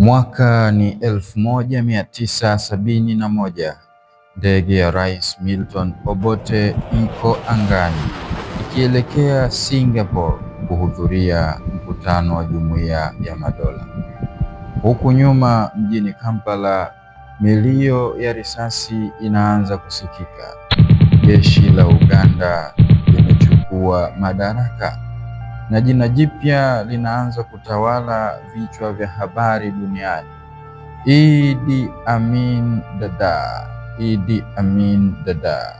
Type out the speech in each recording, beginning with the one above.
Mwaka ni elfu moja mia tisa sabini na moja ndege ya Rais Milton Obote iko angani ikielekea Singapore kuhudhuria mkutano wa Jumuiya ya Madola. Huku nyuma mjini Kampala, milio ya risasi inaanza kusikika. Jeshi la Uganda limechukua madaraka na jina jipya linaanza kutawala vichwa vya habari duniani. Idi Amin Dada, Idi Amin Dada.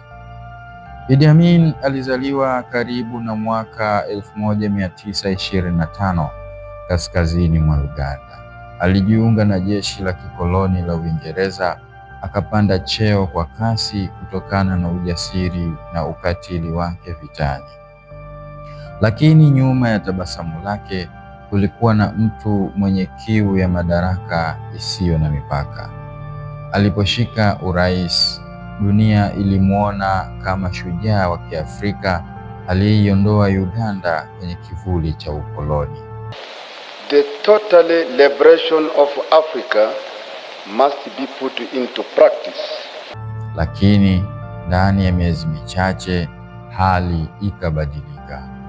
Idi Amin alizaliwa karibu na mwaka 1925 kaskazini mwa Uganda. Alijiunga na jeshi la kikoloni la Uingereza, akapanda cheo kwa kasi kutokana na ujasiri na ukatili wake vitani. Lakini nyuma ya tabasamu lake kulikuwa na mtu mwenye kiu ya madaraka isiyo na mipaka. Aliposhika urais, dunia ilimwona kama shujaa wa Kiafrika aliyeiondoa Uganda kwenye kivuli cha ukoloni. The total liberation of Africa must be put into practice. Lakini ndani ya miezi michache hali ikabadilika.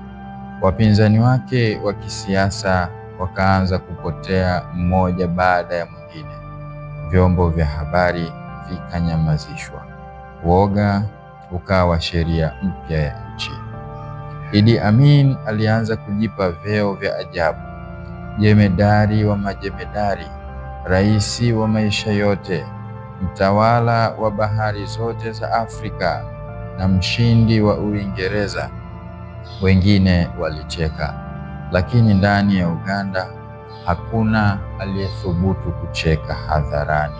Wapinzani wake wa kisiasa wakaanza kupotea mmoja baada ya mwingine, vyombo vya habari vikanyamazishwa, woga ukawa sheria mpya ya nchi. Idi Amin alianza kujipa vyeo vya ajabu: jemedari wa majemedari, rais wa maisha yote, mtawala wa bahari zote za Afrika na mshindi wa Uingereza wengine walicheka, lakini ndani ya Uganda hakuna aliyethubutu kucheka hadharani.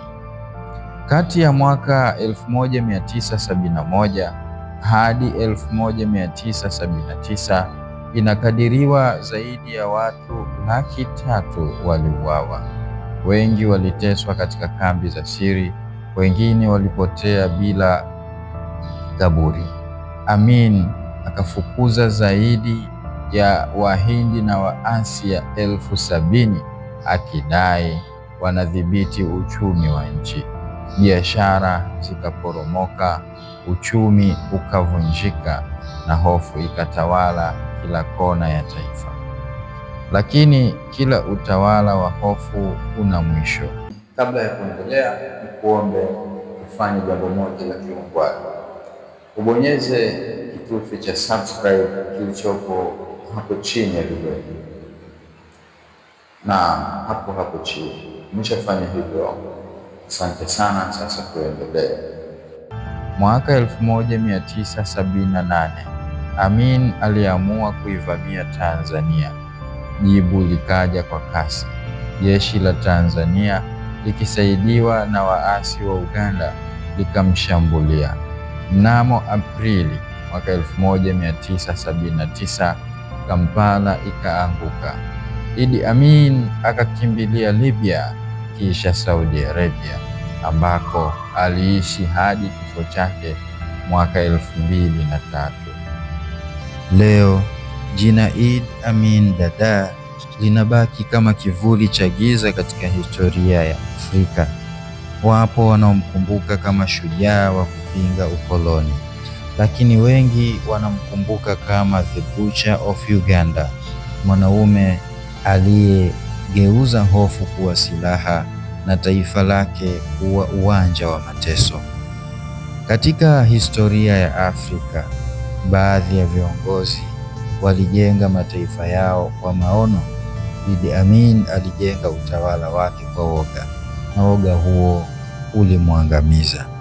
Kati ya mwaka 1971 hadi 1979 inakadiriwa zaidi ya watu laki tatu waliuawa. Wengi waliteswa katika kambi za siri, wengine walipotea bila kaburi. Amin akafukuza zaidi ya Wahindi na Waasia elfu sabini akidai wanadhibiti uchumi wa nchi. Biashara zikaporomoka, uchumi ukavunjika, na hofu ikatawala kila kona ya taifa. Lakini kila utawala wa hofu una mwisho. Kabla ya kuendelea, kuombe kufanya jambo moja la kiungwana, ubonyeze kitufe cha subscribe kilichopo hapo chini ya video hii na hapo hapo chini. Nimeshafanya hivyo, asante sana. Sasa tuendelee. Mwaka 1978 Amin aliamua kuivamia Tanzania. Jibu likaja kwa kasi. Jeshi la Tanzania likisaidiwa na waasi wa Uganda likamshambulia mnamo Aprili mwaka 1979 Kampala ikaanguka. Idi Amin akakimbilia Libya kisha Saudi Arabia ambako aliishi hadi kifo chake mwaka elfu mbili na tatu. Leo jina Idi Amin Dada linabaki kama kivuli cha giza katika historia ya Afrika. Wapo wanaomkumbuka kama shujaa wa kupinga ukoloni lakini wengi wanamkumbuka kama The Butcher of Uganda, mwanaume aliyegeuza hofu kuwa silaha na taifa lake kuwa uwanja wa mateso. Katika historia ya Afrika, baadhi ya viongozi walijenga mataifa yao kwa maono. Idi Amin alijenga utawala wake kwa woga, na woga huo ulimwangamiza.